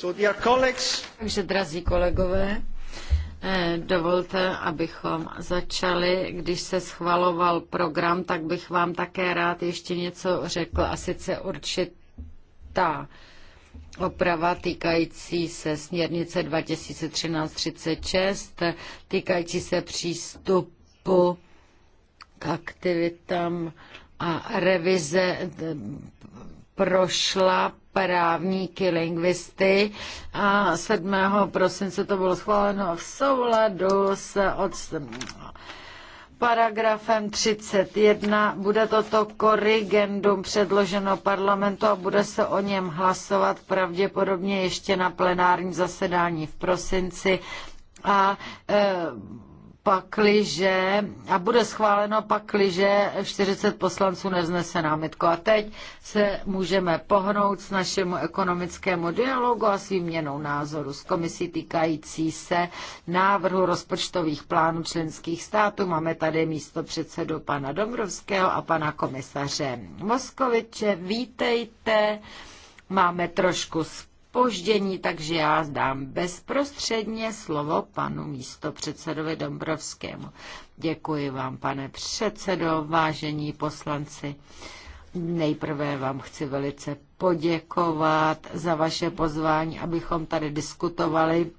So Takže, drazí kolegové, eh, Dovolte, abychom začali. Když se schvaloval program, tak bych vám také rád ještě něco řekl, a sice určitá oprava týkající se směrnice 2013-36, týkající se přístupu k aktivitám a revize eh, prošla právníky, lingvisty a 7. prosince to bylo schváleno v souladu s od paragrafem 31 bude toto korrigendum předloženo parlamentu a bude se o něm hlasovat pravděpodobně ještě na plenárním zasedání v prosinci a e, pakliže, a bude schváleno pakliže 40 poslanců neznese námitku. A teď se můžeme pohnout s našemu ekonomickému dialogu a s výměnou názoru s komisí týkající se návrhu rozpočtových plánů členských států. Máme tady místo předsedu pana Dombrovského a pana komisaře Moskoviče. Vítejte. Máme trošku spoždění, takže já dám bezprostředně slovo panu místopředsedovi Dombrovskému. Děkuji vám, pane předsedo, vážení poslanci. Nejprve vám chci velice poděkovat za vaše pozvání, abychom tady diskutovali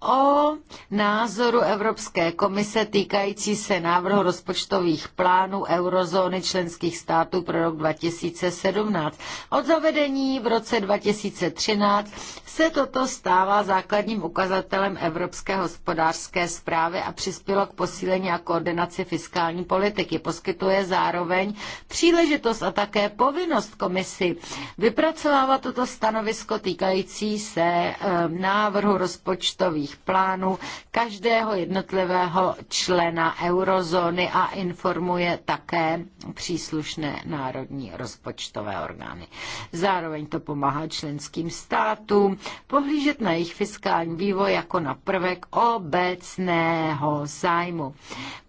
o názoru Evropské komise týkající se návrhu rozpočtových plánů eurozóny členských států pro rok 2017. Od zavedení v roce 2013 se toto stává základním ukazatelem Evropské hospodářské zprávy a přispělo k posílení a koordinaci fiskální politiky. Poskytuje zároveň příležitost a také povinnost komisi vypracovávat toto stanovisko týkající se eh, návrhu rozpočtových daňových plánů každého jednotlivého člena eurozóny a informuje také příslušné národní rozpočtové orgány. Zároveň to pomáhá členským státům pohlížet na jejich fiskální vývoj jako na prvek obecného zájmu.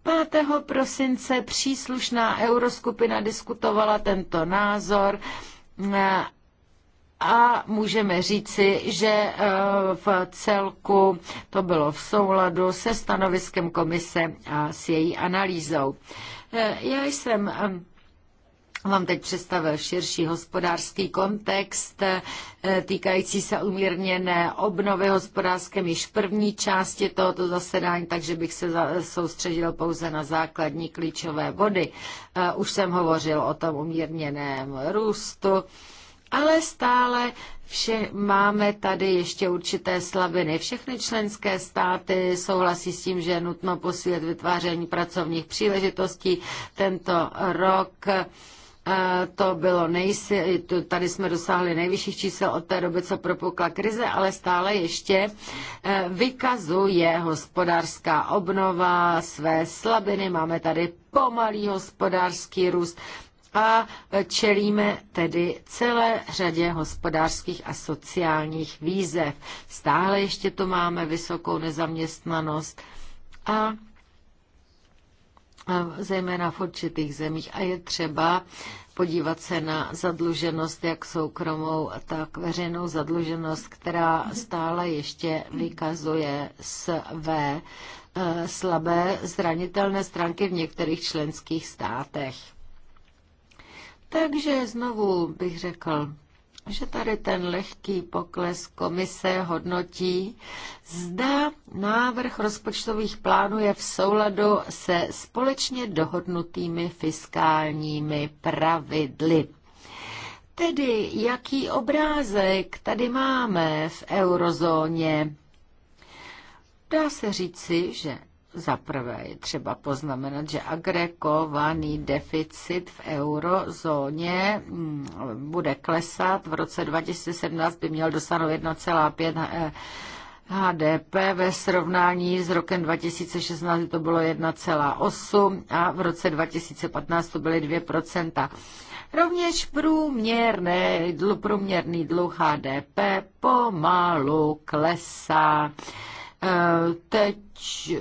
5. prosince příslušná euroskupina diskutovala tento názor a můžeme říci, že eh, v celku to bylo v souladu se stanoviskem komise a s její analýzou. Eh, já jsem eh, vám teď představil širší hospodářský kontext týkající se umírněné obnovy hospodářské. již v první části tohoto zasedání, takže bych se soustředil pouze na základní klíčové body. Už jsem hovořil o tom umírněném růstu ale stále vše, máme tady ještě určité slabiny. Všechny členské státy souhlasí s tím, že je nutno posílit vytváření pracovních příležitostí. Tento rok eh, to bylo nejsi, tady jsme dosáhli nejvyšších čísel od té doby, co propukla krize, ale stále ještě eh, vykazuje hospodářská obnova své slabiny. Máme tady pomalý hospodářský růst a čelíme tedy celé řadě hospodářských a sociálních výzev. Stále ještě to máme vysokou nezaměstnanost a zejména v určitých zemích. A je třeba podívat se na zadluženost, jak soukromou, tak veřejnou zadluženost, která stále ještě vykazuje své e, slabé zranitelné stránky v některých členských státech. Takže znovu bych řekl, že tady ten lehký pokles komise hodnotí, zda návrh rozpočtových plánů je v souladu se společně dohodnutými fiskálními pravidly. Tedy jaký obrázek tady máme v eurozóně? Dá se říci, že za prvé je třeba poznamenat, že agregovaný deficit v eurozóně mm, bude klesat. V roce 2017 by měl dosáhnout 1,5 HDP ve srovnání s rokem 2016 to bylo 1,8 a v roce 2015 to byly 2 Rovněž průměrný, průměrný dluh HDP pomalu klesá. Eh, teď eh,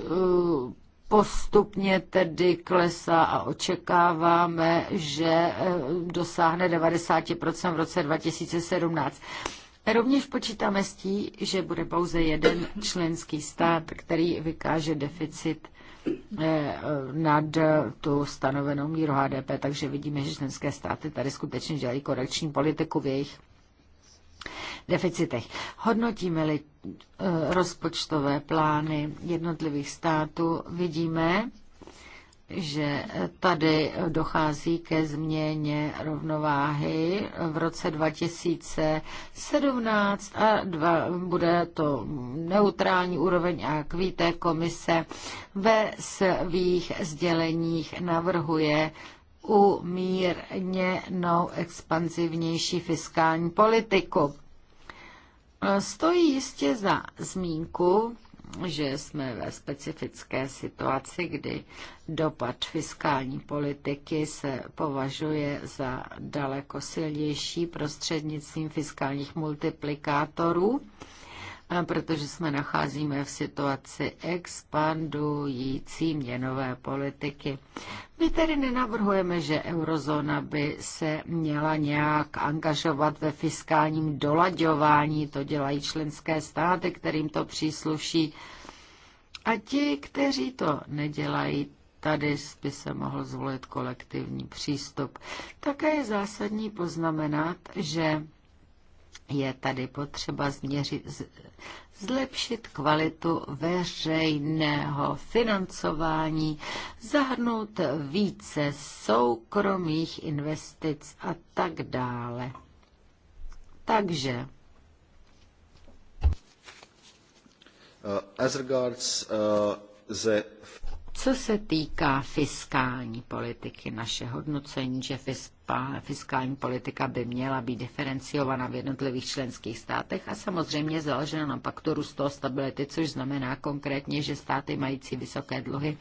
postupně tedy klesá a očekáváme, že eh, dosáhne 90% v roce 2017. Rovněž počítáme s tím, že bude pouze jeden členský stát, který vykáže deficit nad tu stanovenou míru HDP, takže vidíme, že členské státy tady skutečně dělají korekční politiku v jejich deficitech. Hodnotíme-li eh, rozpočtové plány jednotlivých států, vidíme, že eh, tady dochází ke změně rovnováhy v roce 2017 a dva, bude to neutrální úroveň a jak víte, komise ve svých sděleních navrhuje umírněnou expanzivnější fiskální politiku. Stojí jistě za zmínku, že jsme ve specifické situaci, kdy dopad fiskální politiky se považuje za daleko silnější prostřednictvím fiskálních multiplikátorů protože jsme nacházíme v situaci expandující měnové politiky. My tedy nenavrhujeme, že eurozóna by se měla nějak angažovat ve fiskálním dolaďování, to dělají členské státy, kterým to přísluší. A ti, kteří to nedělají, tady by se mohl zvolit kolektivní přístup. Také je zásadní poznamenat, že je tady potřeba změřit, zlepšit kvalitu veřejného financování, zahrnout více soukromých investic a tak dále. Takže. Uh, as regards, uh, the... Co se týká fiskální politiky, naše hodnocení, že fiskální fiskální politika by měla být diferenciovaná v jednotlivých členských státech a samozřejmě založena na paktu růstu a stability, což znamená konkrétně, že státy mající vysoké dluhy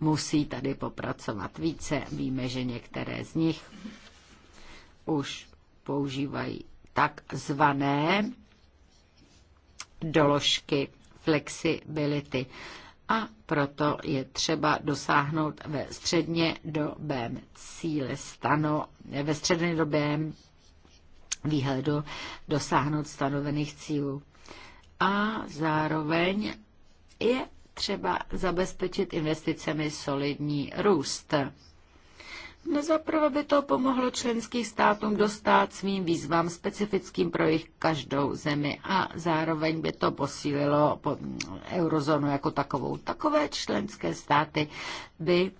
musí tady popracovat více. Víme, že některé z nich už používají takzvané doložky flexibility a proto je třeba dosáhnout ve středně dobém cíle stano, ve středně dobém výhledu dosáhnout stanovených cílů. A zároveň je třeba zabezpečit investicemi solidní růst. Nezaprvé no by to pomohlo členským státům dostat svým výzvám specifickým pro jejich každou zemi a zároveň by to posílilo eurozónu jako takovou. Takové členské státy by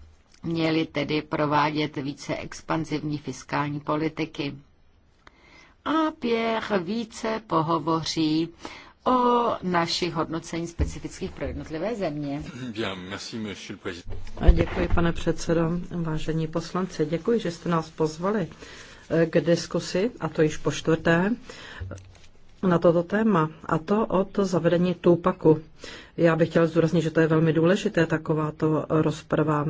měly tedy provádět více expanzivní fiskální politiky. A Pierre více pohovoří o našich hodnocení specifických pro jednotlivé země. Děkuji, pane předsedo, vážení poslanci. Děkuji, že jste nás pozvali eh, k diskusi, a to již po čtvrté, na toto téma, a to od zavedení Tupaku. Já bych chtěl zdůraznit, že to je velmi důležité, takováto rozprava.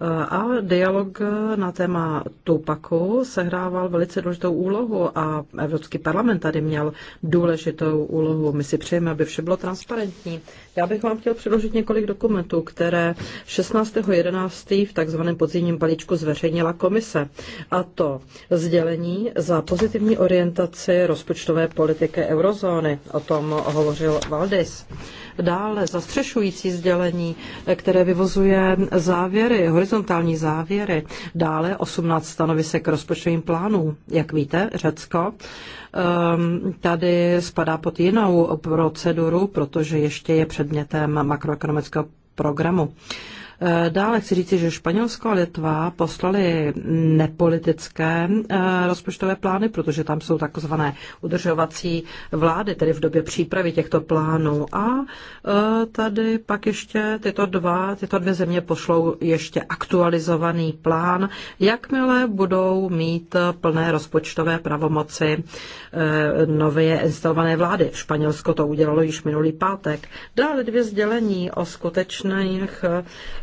A dialog na téma Tupaku sehrával velice důležitou úlohu a Evropský parlament tady měl důležitou úlohu. My si přejeme, aby vše bylo transparentní. Já bych vám chtěl předložit několik dokumentů, které 16.11. v takzvaném podzimním balíčku zveřejnila komise. A to sdělení za pozitivní orientaci rozpočtové politiky eurozóny. O tom hovořil Valdis. Dále zastřešující sdělení, které vyvozuje závěry, horizontální závěry. Dále 18 stanovisek k rozpočtovým plánům. Jak víte, Řecko ehm, tady spadá pod jinou proceduru, protože ještě je předmětem makroekonomického programu. Eh, dále chci říci, že Španělsko a Litva poslali nepolitické eh, rozpočtové plány, protože tam jsou takzvané udržovací vlády, tedy v době přípravy těchto plánů. A eh, tady pak ještě tyto, dva, tyto dvě země pošlou ještě aktualizovaný plán, jakmile budou mít plné rozpočtové pravomoci nově instalované vlády. Španělsko to udělalo již minulý pátek. Dále dvě sdělení o skutečných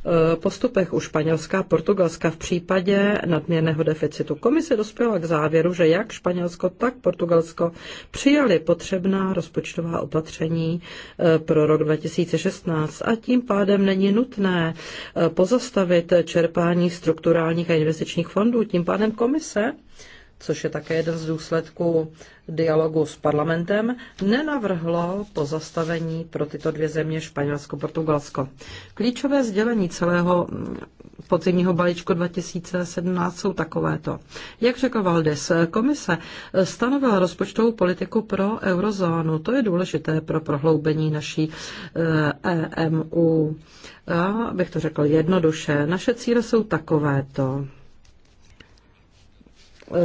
Eh, postupech u Španělska a Portugalska v případě nadměrného deficitu. Komise dospěla k závěru, že jak Španělsko, tak Portugalsko přijali potřebná rozpočtová opatření eh, pro rok 2016 a tím pádem není nutné eh, pozastavit čerpání strukturálních a investičních fondů. Tím pádem komise což je také jeden z důsledků dialogu s parlamentem, nenavrhlo pozastavení pro tyto dvě země Španělsko-Portugalsko. Klíčové sdělení celého podzimního balíčku 2017 jsou takovéto. Jak řekl Valdis, komise stanovila rozpočtovou politiku pro eurozónu. To je důležité pro prohloubení naší EMU. Eh, e Já bych to řekl jednoduše. Naše cíle jsou takovéto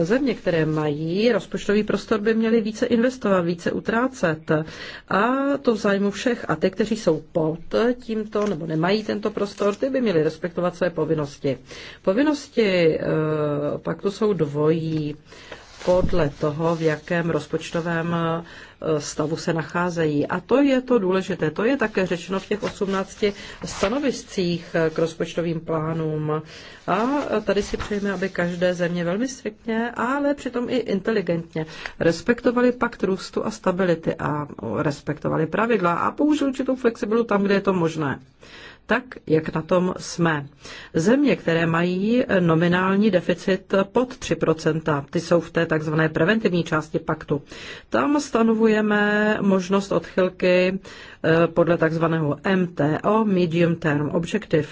země, které mají rozpočtový prostor, by měly více investovat, více utrácet. A to v zájmu všech. A ty, kteří jsou pod tímto nebo nemají tento prostor, ty by měli respektovat své povinnosti. Povinnosti eh, pak to jsou dvojí podle toho, v jakém rozpočtovém eh, stavu se nacházejí. A to je to důležité. To je také řečeno v těch 18 stanoviscích eh, k rozpočtovým plánům. A eh, tady si přejeme, aby každé země velmi striktně, ale přitom i inteligentně respektovali pakt růstu a stability a respektovali pravidla a použili určitou flexibilitu tam, kde je to možné tak, jak na tom jsme. Země, které mají nominální deficit pod 3%, ty jsou v té takzvané preventivní části paktu. Tam stanovujeme možnost odchylky Eh, podle takzvaného MTO, Medium Term Objective.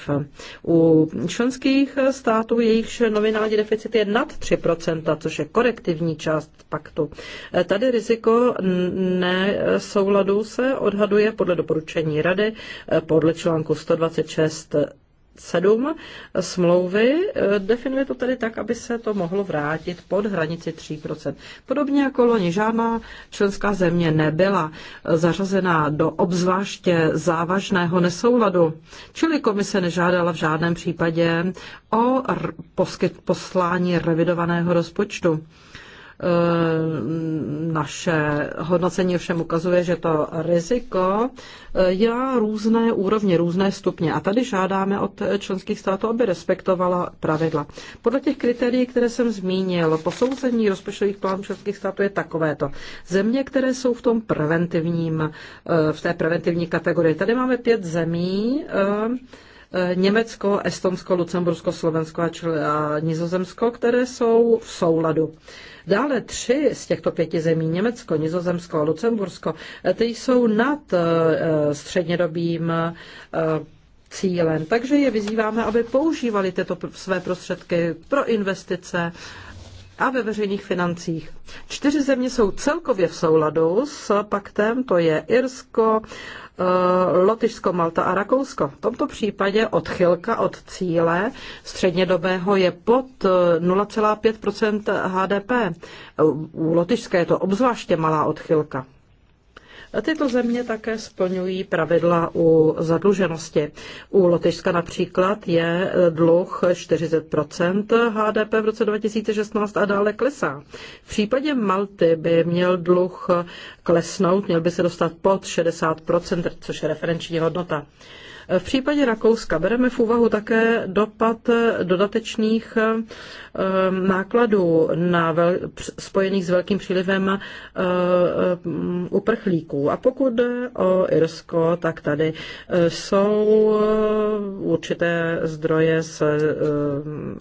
U členských států jejichž nominální deficit je nad 3%, což je korektivní část paktu. Eh, tady riziko nesouladu se odhaduje podle doporučení Rady eh, podle článku 126 7 smlouvy eh, definuje to tedy tak, aby se to mohlo vrátit pod hranici 3%. Podobně jako loni žádná členská země nebyla eh, zařazena do obzvláště závažného nesouladu, čili komise nežádala v žádném případě o poskyt poslání revidovaného rozpočtu. Eh, naše hodnocení všem ukazuje, že to riziko eh, je různé úrovně, různé stupně. A tady žádáme od členských států, aby respektovala pravidla. Podle těch kritérií, které jsem zmínil, posouzení rozpočtových plánů členských států je takovéto. Země, které jsou v tom preventivním, eh, v té preventivní kategorii. Tady máme pět zemí, Eh, Německo, Estonsko, Lucembursko, Slovensko a Nizozemsko, které jsou v souladu. Dále tři z těchto pěti zemí, Německo, Nizozemsko a Lucembursko, eh, ty jsou nad eh, střednědobým cílem. Takže je vyzýváme, aby používali tyto své prostředky pro investice a ve veřejných financích. Čtyři země jsou celkově v souladu s paktem, to je Irsko, Eh, Lotyšsko, Malta a Rakousko. V tomto případě odchylka od cíle střednědobého je pod 0,5 eh, HDP. U Lotyšska je to obzvláště malá odchylka. Tyto země také splňují pravidla u zadluženosti. U Lotyšska například je dluh 40 HDP v roce 2016 a dále klesá. V případě Malty by měl dluh klesnout, měl by se dostat pod 60 což je referenční hodnota. V případě Rakouska bereme v úvahu také dopad dodatečných ehm, nákladů na vel, spojených s velkým přílivem ehm, uprchlíků. A pokud jde o Irsko, tak tady eh, jsou eh, určité zdroje z ehm,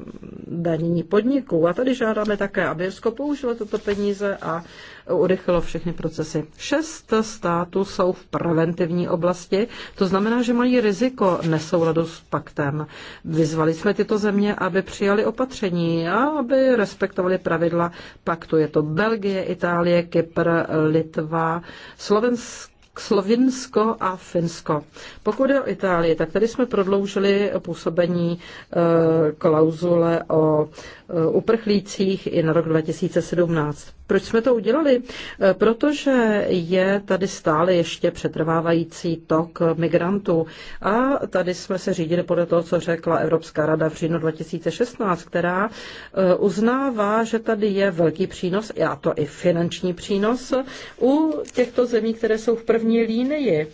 danění podniků. A tady žádáme také, aby Irsko použilo tyto peníze a urychlilo všechny procesy. Šest států jsou v preventivní oblasti, to znamená, že mají riziko nesouladu s paktem. Vyzvali jsme tyto země, aby přijali opatření a aby respektovali pravidla paktu. Je to Belgie, Itálie, Kypr, Litva, Slovensko, Slovinsko a Finsko. Pokud je o Itálii, tak tady jsme prodloužili působení e, klauzule o e, uprchlících i na rok 2017. Proč jsme to udělali? Eh, protože je tady stále ještě přetrvávající tok migrantů. A tady jsme se řídili podle toho, co řekla Evropská rada v říjnu 2016, která eh, uznává, že tady je velký přínos, a to i finanční přínos, u těchto zemí, které jsou v první línii.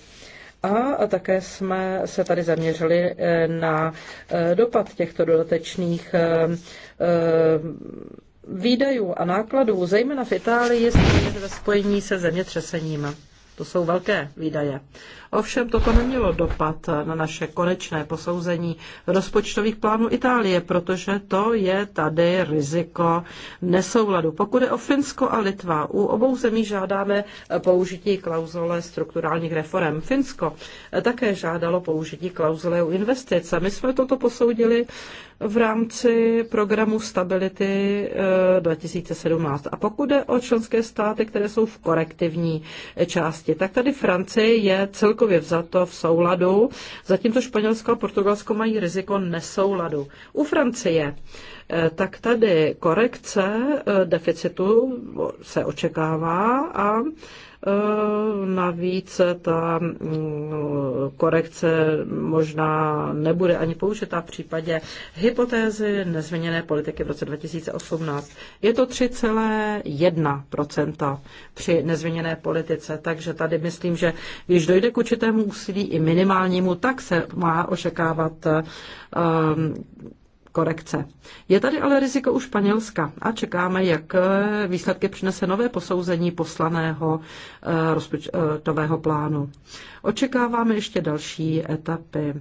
A také jsme se tady zaměřili eh, na dopad těchto dodatečných výdajů a nákladů, zejména v Itálii, je ve spojení se zemětřesením. To jsou velké výdaje. Ovšem toto nemělo dopad na naše konečné posouzení rozpočtových plánů Itálie, protože to je tady riziko nesouladu. Pokud je o Finsko a Litva, u obou zemí žádáme použití klauzule strukturálních reform. Finsko také žádalo použití klauzule u investice. My jsme toto posoudili v rámci programu stability 2017. Eh, a pokud jde o členské státy, které jsou v korektivní části, tak tady Francie je celkově celkově vzato v souladu, zatímco Španělsko a Portugalsko mají riziko nesouladu. U Francie eh, tak tady korekce eh, deficitu se očekává a Eh, navíc ta mm, korekce možná nebude ani použita v případě hypotézy nezměněné politiky v roce 2018. Je to 3,1% při nezměněné politice, takže tady myslím, že když dojde k určitému úsilí i minimálnímu, tak se má očekávat um, korekce. Je tady ale riziko u Španělska a čekáme, jak eh, výsledky přinese nové posouzení poslaného eh, rozpočtového eh, plánu. Očekáváme ještě další etapy.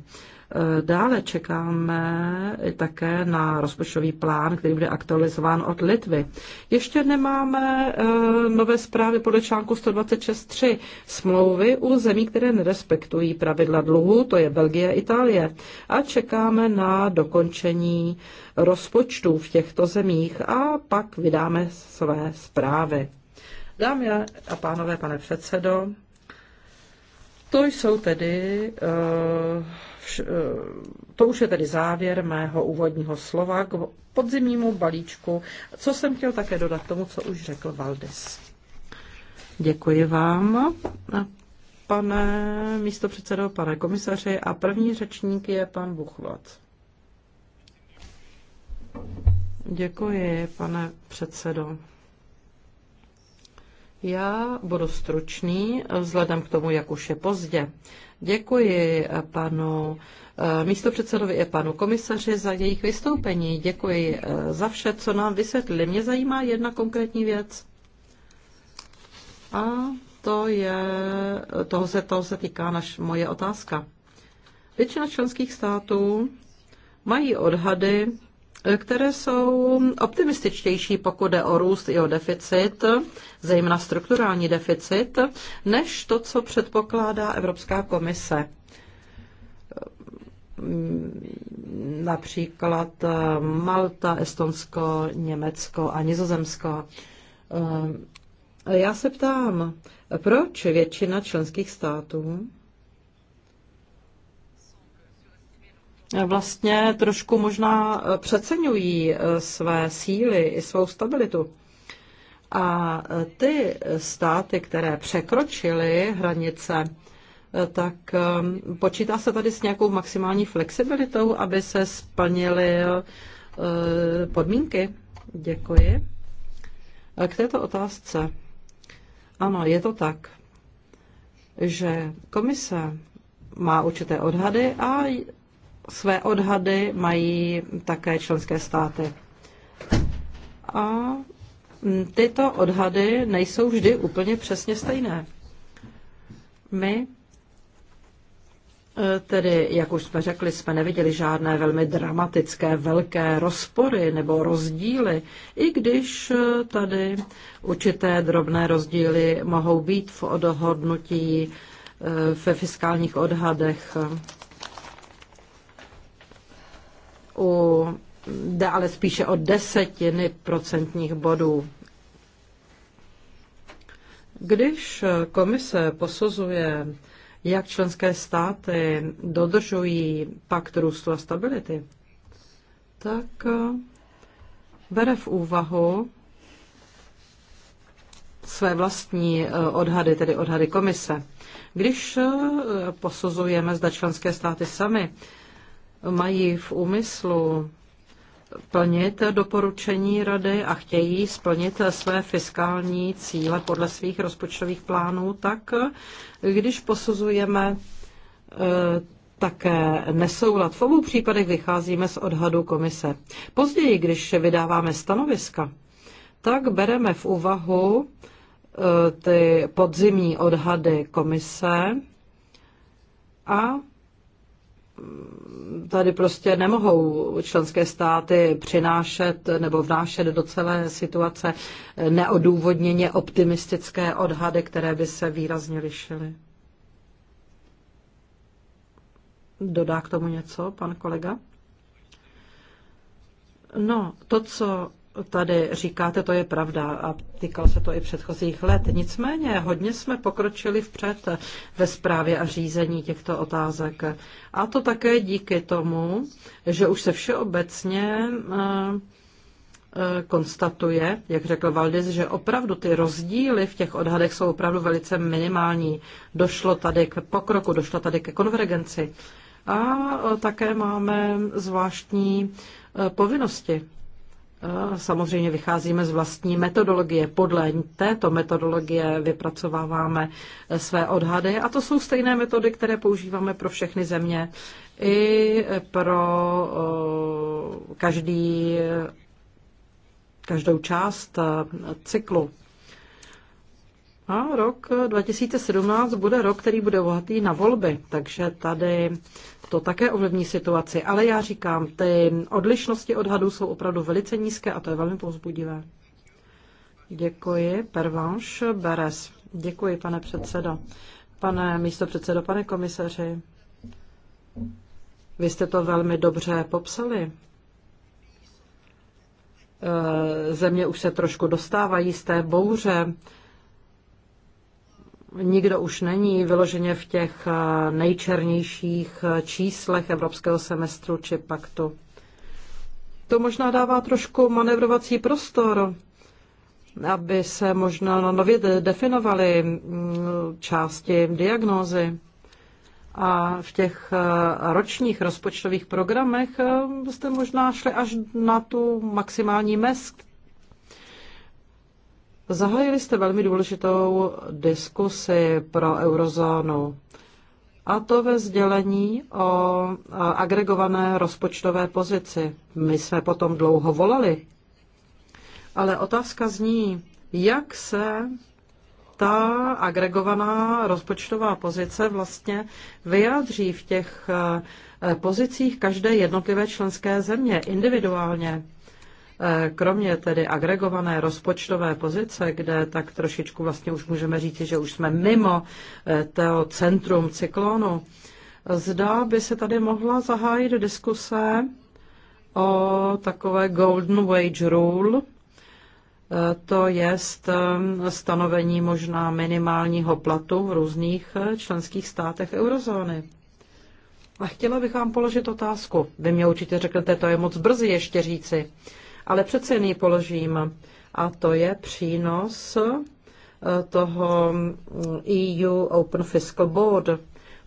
Dále čekáme také na rozpočtový plán, který bude aktualizován od Litvy. Ještě nemáme eh, nové zprávy podle článku 126.3 smlouvy u zemí, které nerespektují pravidla dluhu, to je Belgie a Itálie. A čekáme na dokončení rozpočtů v těchto zemích a pak vydáme své zprávy. Dámy a pánové, pane předsedo, to jsou tedy, eh, eh, to už je tedy závěr mého úvodního slova k podzimnímu balíčku, co jsem chtěl také dodat tomu, co už řekl Valdis. Děkuji vám, pane místopředsedo, pane komisaři. A první řečník je pan Buchvat. Děkuji, pane předsedo. Já budu stručný, vzhledem k tomu, jak už je pozdě. Děkuji panu eh, místopředsedovi i panu komisaři za jejich vystoupení. Děkuji eh, za vše, co nám vysvětlili. Mě zajímá jedna konkrétní věc. A to je, toho se, toho se týká naš, moje otázka. Většina členských států mají odhady které jsou optimističtější, pokud jde o růst i o deficit, zejména strukturální deficit, než to, co předpokládá Evropská komise. Mm, například eh, Malta, Estonsko, Německo a Nizozemsko. Eh, já se ptám, proč většina členských států vlastně trošku možná eh, přeceňují eh, své síly i svou stabilitu. A eh, ty státy, které překročily hranice, tak počítá se tady s nějakou maximální flexibilitou, aby se splnily podmínky. Děkuji. K této otázce. Ano, je to tak, že komise má určité odhady a své odhady mají také členské státy. A tyto odhady nejsou vždy úplně přesně stejné. My e, Tedy, jak už jsme řekli, jsme neviděli žádné velmi dramatické, velké rozpory nebo rozdíly, i když e, tady určité drobné rozdíly mohou být v odhodnutí e, ve fiskálních odhadech u, jde ale spíše o desetiny procentních bodů. Když komise posuzuje, jak členské státy dodržují pakt růstu a stability, tak eh, bere v úvahu své vlastní eh, odhady, tedy odhady komise. Když eh, posuzujeme, zda členské státy sami mají v úmyslu plnit doporučení rady a chtějí splnit své fiskální cíle podle svých rozpočtových plánů, tak když posuzujeme eh, také nesoulad. V obou případech vycházíme z odhadu komise. Později, když vydáváme stanoviska, tak bereme v úvahu eh, ty podzimní odhady komise a tady prostě nemohou členské státy přinášet nebo vnášet do celé situace neodůvodněně optimistické odhady, které by se výrazně lišily. Dodá k tomu něco pan kolega? No, to, co tady říkáte, to je pravda a týkal se to i předchozích let. Nicméně hodně jsme pokročili vpřed ve zprávě a řízení těchto otázek. A to také díky tomu, že už se všeobecně eh, eh, konstatuje, jak řekl Valdis, že opravdu ty rozdíly v těch odhadech jsou opravdu velice minimální. Došlo tady k pokroku, došlo tady ke konvergenci. A eh, také máme zvláštní povinnosti Samozřejmě vycházíme z vlastní metodologie. Podle této metodologie vypracováváme své odhady a to jsou stejné metody, které používáme pro všechny země i pro každý, každou část e, cyklu. A rok 2017 bude rok, který bude bohatý na volby, takže tady to také ovlivní situaci. Ale já říkám, ty odlišnosti odhadů jsou opravdu velice nízké a to je velmi povzbudivé. Děkuji. Pervanš Beres. Děkuji, pane předsedo. Pane místo předsedo, pane komisaři. Vy jste to velmi dobře popsali. Eh, země už se trošku dostávají z té bouře nikdo už není vyloženě v těch eh, nejčernějších eh, číslech evropského semestru či paktu. To možná dává trošku manevrovací prostor, aby se možná nově definovaly mm, části diagnózy. A v těch eh, ročních rozpočtových programech jste možná šli až na tu maximální mez, Zahájili jste velmi důležitou diskusi pro eurozónu, a to ve sdělení o agregované rozpočtové pozici. My jsme potom dlouho volali, ale otázka zní, jak se ta agregovaná rozpočtová pozice vlastně vyjádří v těch e, pozicích každé jednotlivé členské země individuálně. Kromě tedy agregované rozpočtové pozice, kde tak trošičku vlastně už můžeme říct, že už jsme mimo eh, to centrum cyklonu, zda by se tady mohla zahájit diskuse o takové golden wage rule, eh, to je eh, stanovení možná minimálního platu v různých členských státech eurozóny. A chtěla bych vám položit otázku. Vy mě určitě řeknete, to je moc brzy ještě říci ale přece jen ji položím. A to je přínos eh, toho mm, EU Open Fiscal Board.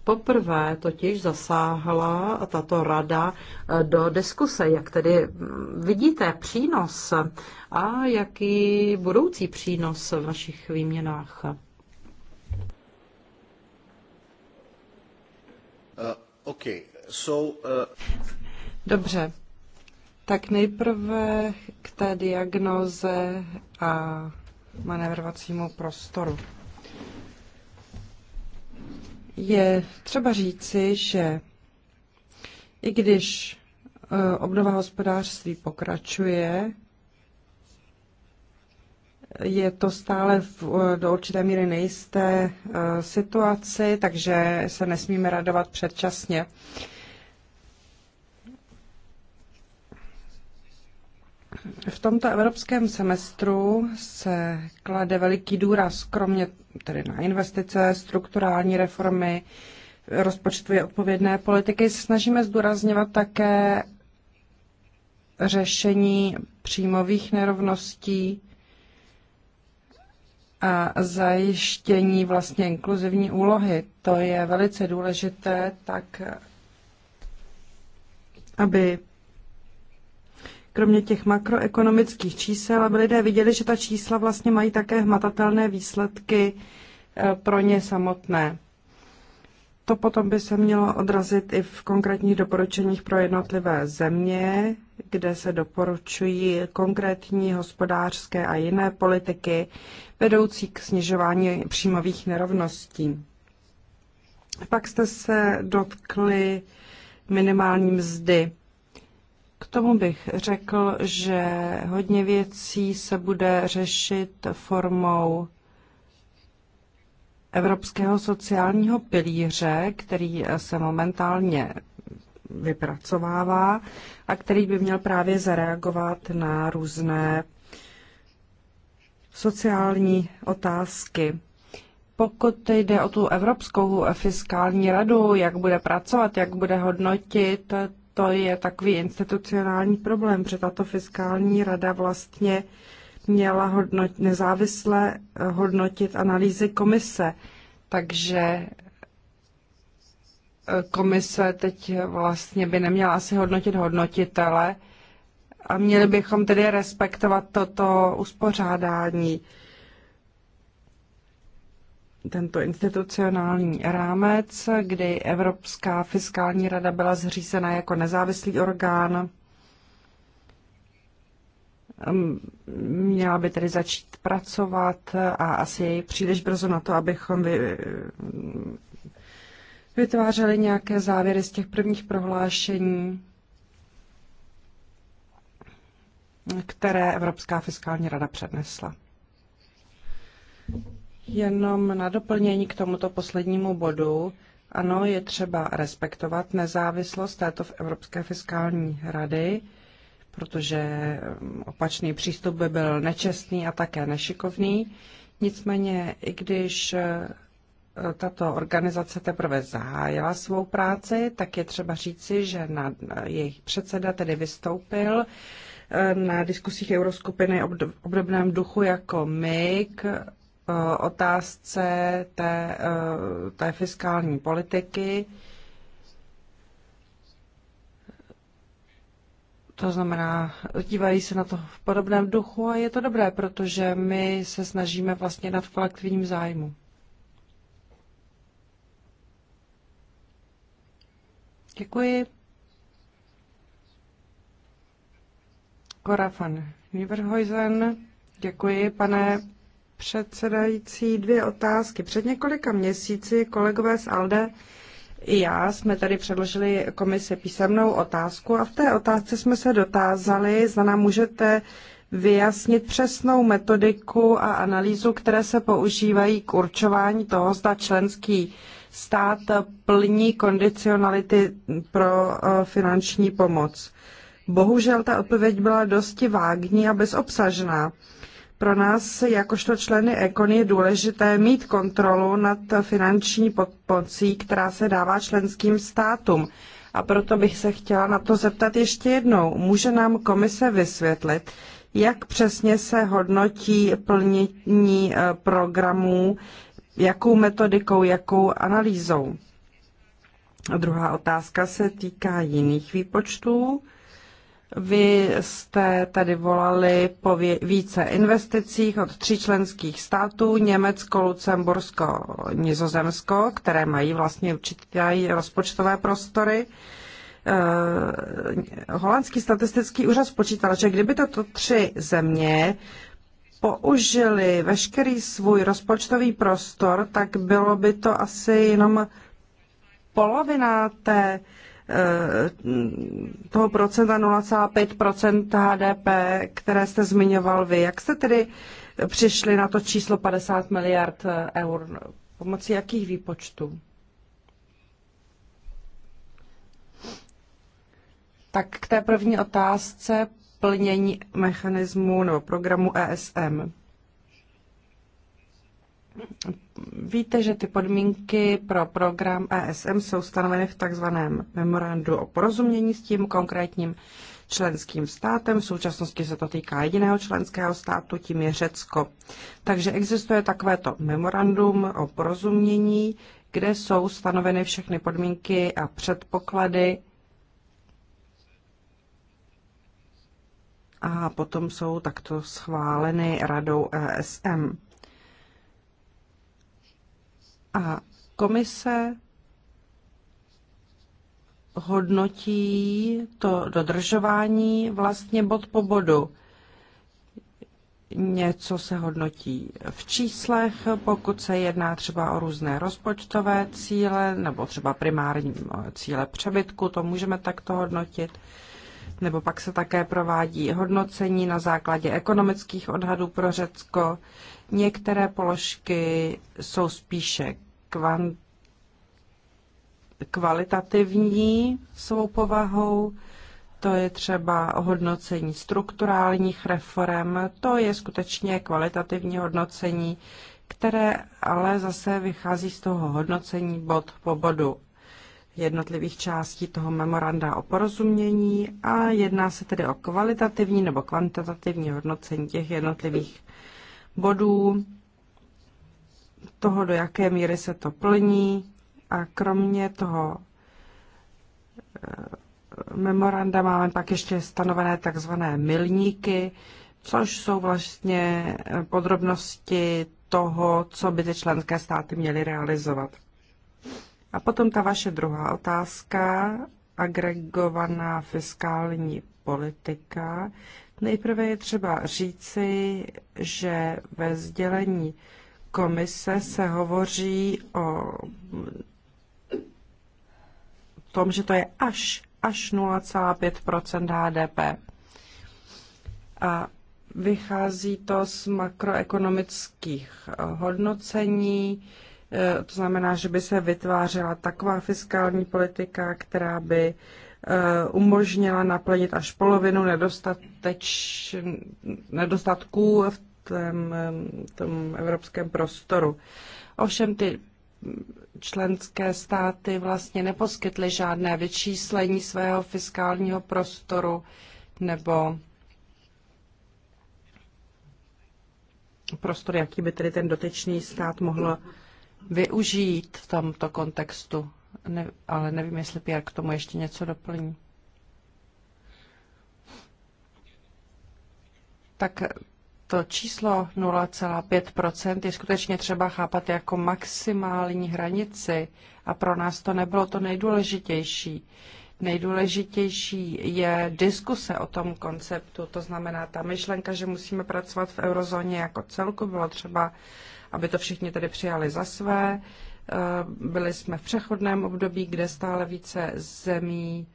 Poprvé totiž zasáhla tato rada eh, do diskuse, jak tedy mm, vidíte přínos a jaký budoucí přínos v našich výměnách. Uh, okay. so, uh... Dobře, tak nejprve k té diagnoze a manévrovacímu prostoru. Je třeba říci, že i když e, obnova hospodářství pokračuje, je to stále v, e, do určité míry nejisté e, situaci, takže se nesmíme radovat předčasně. v tomto evropském semestru se klade veliký důraz kromě tedy na investice, strukturální reformy, rozpočtově odpovědné politiky. Snažíme zdůrazňovat také řešení příjmových nerovností a zajištění vlastně inkluzivní úlohy. To je velice důležité, tak aby kromě těch makroekonomických čísel, aby lidé viděli, že ta čísla vlastně mají také hmatatelné výsledky eh, pro ně samotné. To potom by se mělo odrazit i v konkrétních doporučeních pro jednotlivé země, kde se doporučují konkrétní hospodářské a jiné politiky vedoucí k snižování příjmových nerovností. Pak jste se dotkli minimální mzdy. K tomu bych řekl, že hodně věcí se bude řešit formou Evropského sociálního pilíře, který se momentálně vypracovává a který by měl právě zareagovat na různé sociální otázky. Pokud jde o tu Evropskou fiskální radu, jak bude pracovat, jak bude hodnotit, to je takový institucionální problém, protože tato fiskální rada vlastně měla hodnot, nezávisle eh, hodnotit analýzy komise. Takže eh, komise teď vlastně by neměla asi hodnotit hodnotitele a měli bychom tedy respektovat toto uspořádání tento institucionální rámec, kdy Evropská fiskální rada byla zřízena jako nezávislý orgán. Měla by tedy začít pracovat a asi je příliš brzo na to, abychom vy, vytvářeli nějaké závěry z těch prvních prohlášení, které Evropská fiskální rada přednesla. Jenom na doplnění k tomuto poslednímu bodu. Ano, je třeba respektovat nezávislost této Evropské fiskální rady, protože um, opačný přístup by byl nečestný a také nešikovný. Nicméně, i když uh, tato organizace teprve zahájila svou práci, tak je třeba říci, že na jejich předseda tedy vystoupil uh, na diskusích Euroskupiny obdobném duchu jako my k Eh, otázce té, eh, té fiskální politiky. To znamená, dívají se na to v podobném duchu a je to dobré, protože my se snažíme vlastně nad kolektivním zájmu. Děkuji. Korafan van Děkuji, pane předsedající, dvě otázky. Před několika měsíci kolegové z ALDE i já jsme tady předložili komisi písemnou otázku a v té otázce jsme se dotázali, zda nám můžete vyjasnit přesnou metodiku a analýzu, které se používají k určování toho, zda členský stát plní kondicionality pro eh, finanční pomoc. Bohužel ta odpověď byla dosti vágní a bezobsažná. Pro nás, jakožto členy EKON, je důležité mít kontrolu nad finanční podpocí, která se dává členským státům. A proto bych se chtěla na to zeptat ještě jednou. Může nám komise vysvětlit, jak přesně se hodnotí plnění eh, programů, jakou metodikou, jakou analýzou? A druhá otázka se týká jiných výpočtů. Vy jste tady volali po více investicích od tří členských států, Německo, Lucembursko, Nizozemsko, které mají vlastně určitě rozpočtové prostory. Eh, Holandský statistický úřad spočítal, že kdyby toto tři země použili veškerý svůj rozpočtový prostor, tak bylo by to asi jenom polovina té uh, Eh, toho procenta 0,5 HDP, které jste zmiňoval vy. Jak jste tedy přišli na to číslo 50 miliard eur? Pomocí jakých výpočtů? Tak k té první otázce plnění mechanismu nebo programu ESM. Víte, že ty podmínky pro program ESM jsou stanoveny v takzvaném memorandu o porozumění s tím konkrétním členským státem. V současnosti se to týká jediného členského státu, tím je Řecko. Takže existuje takovéto memorandum o porozumění, kde jsou stanoveny všechny podmínky a předpoklady a potom jsou takto schváleny radou ESM. A komise hodnotí to dodržování vlastně bod po bodu. Něco se hodnotí v číslech, pokud se jedná třeba o různé rozpočtové cíle nebo třeba primární eh, cíle přebytku, to můžeme takto hodnotit. Nebo pak se také provádí hodnocení na základě ekonomických odhadů pro Řecko. Některé položky jsou spíše kvant, kvalitativní svou povahou, to je třeba hodnocení strukturálních reform, to je skutečně kvalitativní hodnocení, které ale zase vychází z toho hodnocení bod po bodu jednotlivých částí toho memoranda o porozumění a jedná se tedy o kvalitativní nebo kvantitativní hodnocení těch jednotlivých bodů toho, do jaké míry se to plní a kromě toho eh, memoranda máme pak ještě stanovené takzvané milníky, což jsou vlastně eh, podrobnosti toho, co by ty členské státy měly realizovat. A potom ta vaše druhá otázka, agregovaná fiskální politika. Nejprve je třeba říci, že ve sdělení komise se hovoří o tom, že to je až, až 0,5 HDP. A vychází to z makroekonomických eh, hodnocení, eh, to znamená, že by se vytvářela taková fiskální politika, která by eh, umožnila naplnit až polovinu nedostateč, nedostatků v tom, tom evropském prostoru. Ovšem ty členské státy vlastně neposkytly žádné vyčíslení svého fiskálního prostoru nebo prostor, jaký by tedy ten dotyčný stát mohl využít v tomto kontextu. Ne, ale nevím, jestli Pierre k tomu ještě něco doplní. Tak to číslo 0,5% je skutečně třeba chápat jako maximální hranici a pro nás to nebylo to nejdůležitější. Nejdůležitější je diskuse o tom konceptu, to znamená ta myšlenka, že musíme pracovat v eurozóně jako celku, bylo třeba, aby to všichni tedy přijali za své. Byli jsme v přechodném období, kde stále více zemí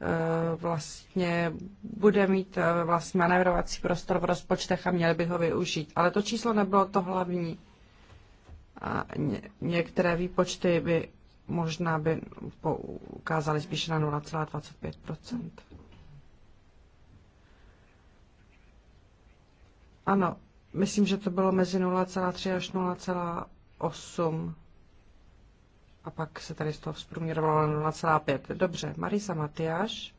Eh, vlastně bude mít eh, vlastně manévrovací prostor v rozpočtech a měli by ho využít. Ale to číslo nebylo to hlavní. A ně, některé výpočty by možná by ukázaly spíše na 0,25 Ano, myslím, že to bylo mezi 0,3 až 0,8 a pak se tady z toho vzprůměrovalo na 0,5. Dobře, Marisa Matyáš.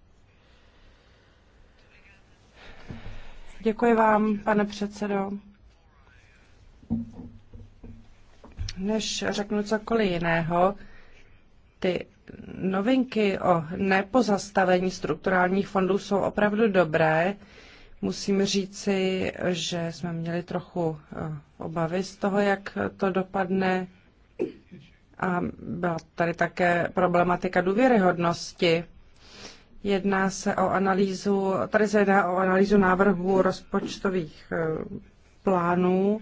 Děkuji vám, pane předsedo. Než řeknu cokoliv jiného, ty novinky o nepozastavení strukturálních fondů jsou opravdu dobré. Musím říci, že jsme měli trochu eh, obavy z toho, jak to dopadne a byla tady také problematika důvěryhodnosti. Jedná se o analýzu, tady se jedná o analýzu návrhů rozpočtových eh, plánů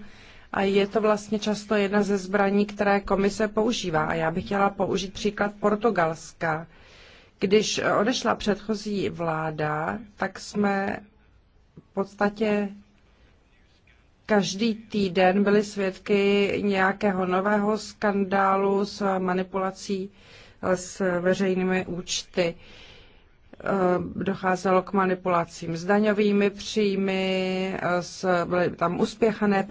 a je to vlastně často jedna ze zbraní, které komise používá. A já bych chtěla použít příklad Portugalska. Když odešla předchozí vláda, tak jsme v podstatě každý týden byli svědky nějakého nového skandálu s manipulací s veřejnými účty. Eh, docházelo k manipulacím s daňovými příjmy, eh, s, byly tam uspěchané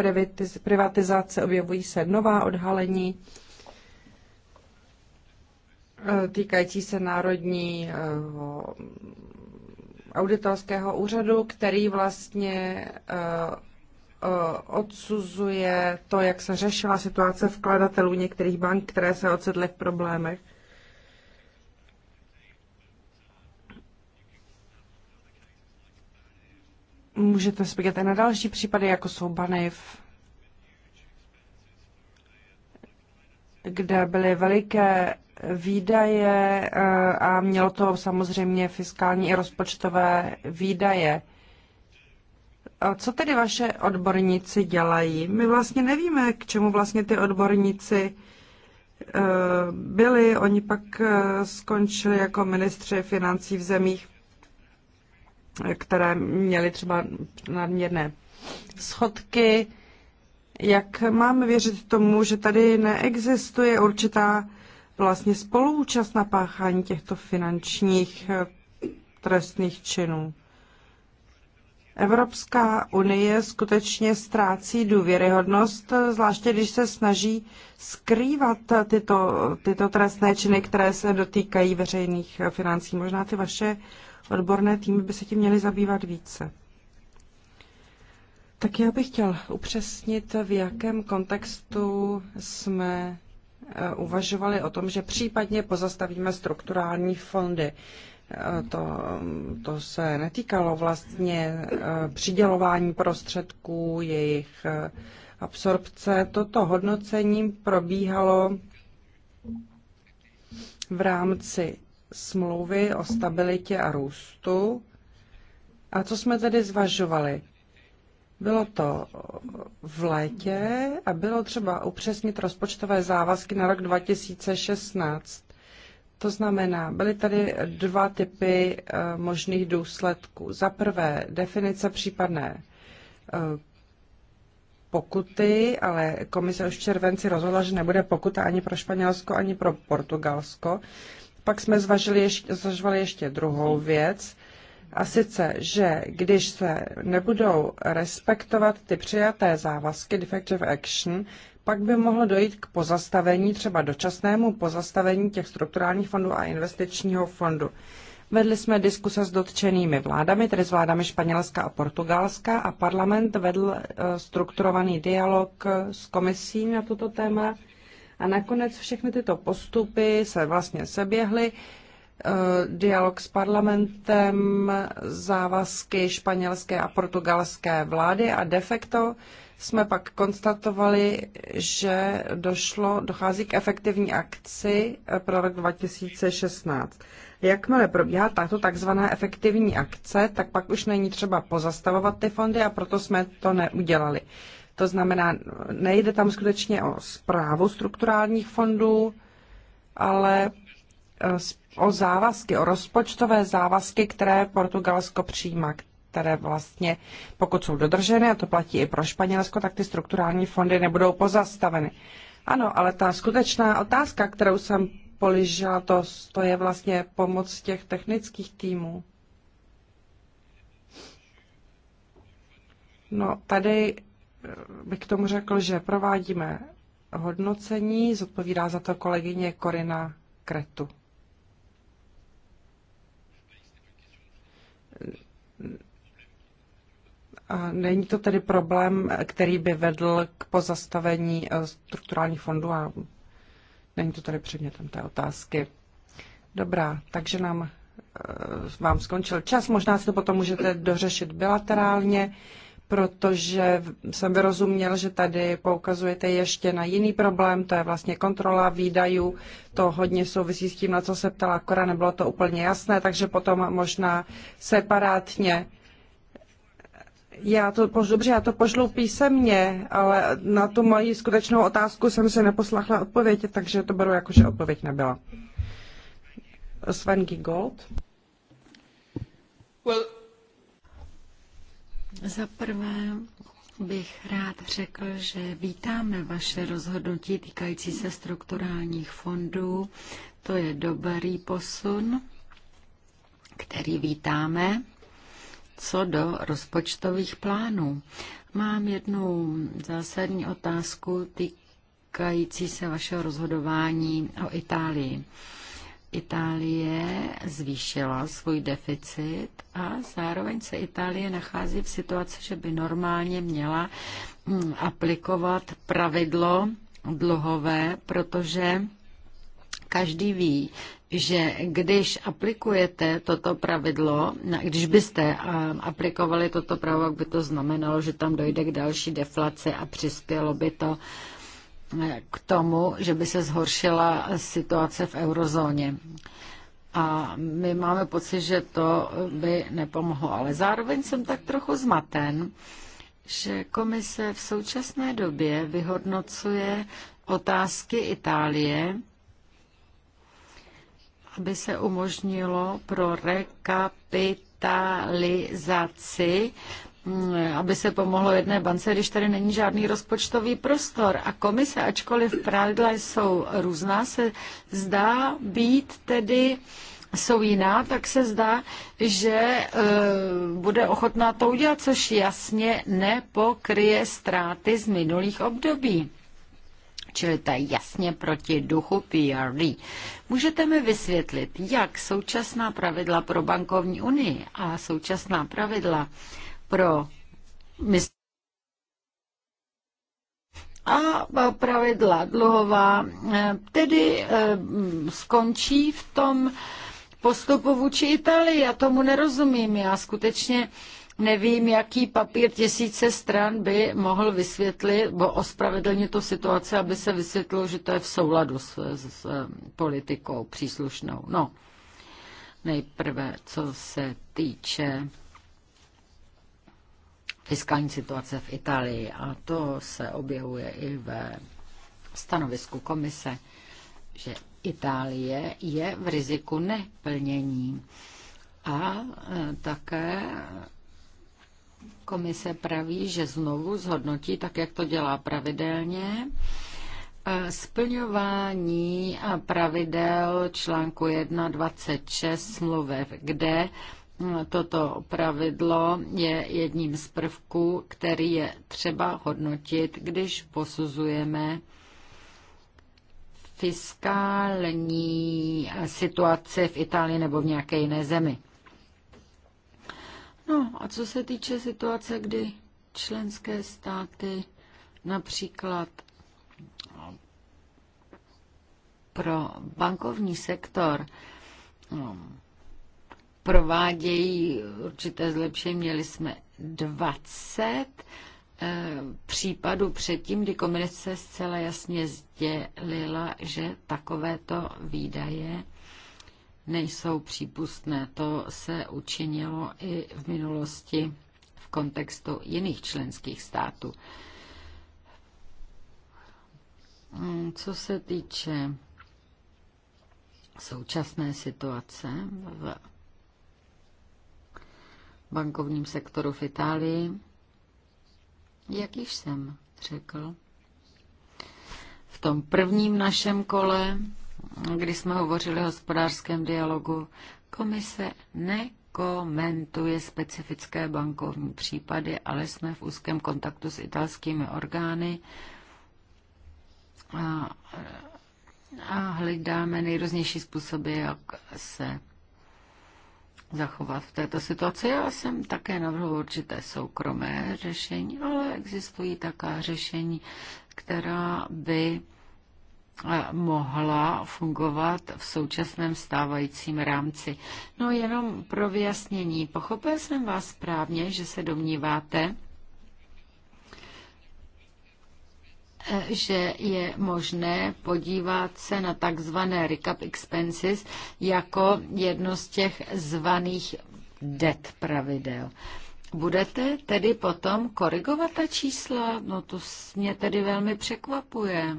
privatizace, objevují se nová odhalení eh, týkající se národní auditorského úřadu, který vlastně Eh, odsuzuje to, jak se řešila situace vkladatelů některých bank, které se ocitly v problémech. Můžete spíkat i na další případy, jako jsou Banev, kde byly veliké výdaje eh, a mělo to samozřejmě fiskální i rozpočtové výdaje co tedy vaše odborníci dělají? My vlastně nevíme, k čemu vlastně ty odborníci eh, byli. Oni pak eh, skončili jako ministři financí v zemích, které měly třeba nadměrné schodky. Jak máme věřit tomu, že tady neexistuje určitá vlastně spoluúčast na páchání těchto finančních eh, trestných činů? Evropská unie skutečně ztrácí důvěryhodnost, zvláště když se snaží skrývat tyto, tyto trestné činy, které se dotýkají veřejných financí. Možná ty vaše odborné týmy by se tím měly zabývat více. Tak já bych chtěl upřesnit, v jakém kontextu jsme eh, uvažovali o tom, že případně pozastavíme strukturální fondy. Eh, to, to se netýkalo vlastně eh, přidělování prostředků, jejich eh, absorpce. Toto hodnocení probíhalo v rámci smlouvy o stabilitě a růstu. A co jsme tedy zvažovali? Bylo to v létě a bylo třeba upřesnit rozpočtové závazky na rok 2016. To znamená, byly tady dva typy eh, možných důsledků. Za prvé, definice případné eh, pokuty, ale komise už v červenci rozhodla, že nebude pokuta ani pro Španělsko, ani pro Portugalsko. Pak jsme zvažili ještě, zvažovali ještě druhou věc, a sice, že když se nebudou respektovat ty přijaté závazky, defective action, pak by mohlo dojít k pozastavení, třeba dočasnému pozastavení těch strukturálních fondů a investičního fondu. Vedli jsme diskuse s dotčenými vládami, tedy s vládami Španělska a Portugalska a parlament vedl eh, strukturovaný dialog eh, s komisí na toto téma a nakonec všechny tyto postupy se vlastně seběhly. Eh, dialog s parlamentem, závazky španělské a portugalské vlády a de facto jsme pak konstatovali, že došlo, dochází k efektivní akci eh, pro rok 2016. Jakmile probíhá tato takzvaná efektivní akce, tak pak už není třeba pozastavovat ty fondy a proto jsme to neudělali. To znamená, nejde tam skutečně o zprávu strukturálních fondů, ale eh, o závazky, o rozpočtové závazky, které Portugalsko přijímá, které vlastně, pokud jsou dodrženy, a to platí i pro Španělsko, tak ty strukturální fondy nebudou pozastaveny. Ano, ale ta skutečná otázka, kterou jsem poližila, to, to je vlastně pomoc těch technických týmů. No, tady eh, bych k tomu řekl, že provádíme hodnocení, zodpovídá za to kolegyně Korina Kretu není to tedy problém, který by vedl k pozastavení eh, strukturálních fondů a není to tady předmětem té otázky. Dobrá, takže nám eh, vám skončil čas, možná si to potom můžete dořešit bilaterálně, protože jsem vyrozuměl, že tady poukazujete ještě na jiný problém, to je vlastně kontrola výdajů, to hodně souvisí s tím, na co se ptala Kora, nebylo to úplně jasné, takže potom možná separátně já to, dobře, já to pošlu písemně, ale na tu moji skutečnou otázku jsem se neposlachla odpověď, takže to beru jako, že odpověď nebyla. Sven Gold. Well. Za prvé bych rád řekl, že vítáme vaše rozhodnutí týkající se strukturálních fondů. To je dobrý posun, který vítáme co do rozpočtových plánů. Mám jednu zásadní otázku týkající se vašeho rozhodování o Itálii. Itálie zvýšila svůj deficit a zároveň se Itálie nachází v situaci, že by normálně měla mm, aplikovat pravidlo dluhové, protože Každý ví, že když aplikujete toto pravidlo, když byste aplikovali toto pravidlo, by to znamenalo, že tam dojde k další deflaci a přispělo by to eh, k tomu, že by se zhoršila situace v eurozóně. A my máme pocit, že to by nepomohlo. Ale zároveň jsem tak trochu zmaten, že komise v současné době vyhodnocuje otázky Itálie, aby se umožnilo pro rekapitalizaci mm, aby se pomohlo jedné bance, když tady není žádný rozpočtový prostor. A komise, ačkoliv pravidla jsou různá, se zdá být tedy jsou jiná, tak se zdá, že e, bude ochotná to udělat, což jasně nepokryje ztráty z minulých období čili to je jasně proti duchu PRD. Můžete mi vysvětlit, jak současná pravidla pro bankovní unii a současná pravidla pro a pravidla dluhová eh, tedy eh, skončí v tom postupu vůči Itálii. Já tomu nerozumím. Já skutečně Nevím, jaký papír tisíce stran by mohl vysvětlit, bo ospravedlnit tu situaci, aby se vysvětlilo, že to je v souladu s, s, s eh, politikou příslušnou. No, nejprve, co se týče fiskální situace v Itálii, a to se objevuje i ve stanovisku komise, že Itálie je v riziku neplnění a eh, také Komise praví, že znovu zhodnotí, tak jak to dělá pravidelně, splňování pravidel článku 1.26 smluve, kde mm, toto pravidlo je jedním z prvků, který je třeba hodnotit, když posuzujeme fiskální situaci v Itálii nebo v nějaké jiné zemi. No a co se týče situace, kdy členské státy například no, pro bankovní sektor no, provádějí určité zlepšení. Měli jsme 20 eh, případů předtím, kdy komise zcela jasně sdělila, že takovéto výdaje nejsou přípustné. To se učinilo i v minulosti v kontextu jiných členských států. Mm, co se týče současné situace v bankovním sektoru v Itálii, jak již jsem řekl, v tom prvním našem kole když jsme hovořili o hospodářském dialogu, komise nekomentuje specifické bankovní případy, ale jsme v úzkém kontaktu s italskými orgány a, a hledáme nejrůznější způsoby, jak se zachovat v této situaci. Já jsem také navrhl určité soukromé řešení, ale existují taká řešení, která by mohla fungovat v současném stávajícím rámci. No jenom pro vyjasnění, pochopil jsem vás správně, že se domníváte, že je možné podívat se na takzvané recap expenses jako jedno z těch zvaných debt pravidel. Budete tedy potom korigovat ta čísla? No to mě tedy velmi překvapuje.